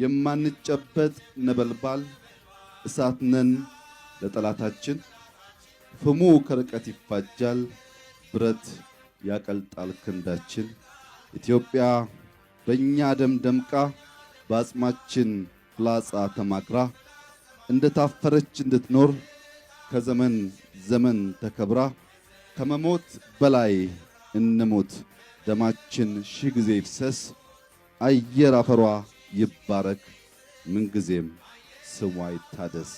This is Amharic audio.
የማንጨበጥ ነበልባል እሳት ነን ለጠላታችን። ፍሙ ከርቀት ይፋጃል፣ ብረት ያቀልጣል ክንዳችን። ኢትዮጵያ በእኛ ደም ደምቃ፣ በአጽማችን ፍላጻ ተማክራ እንደታፈረች እንድትኖር ከዘመን ዘመን ተከብራ ከመሞት በላይ እንሞት፣ ደማችን ሺህ ጊዜ ይፍሰስ፣ አየር አፈሯ ይባረክ፣ ምንጊዜም ስሟ ይታደስ።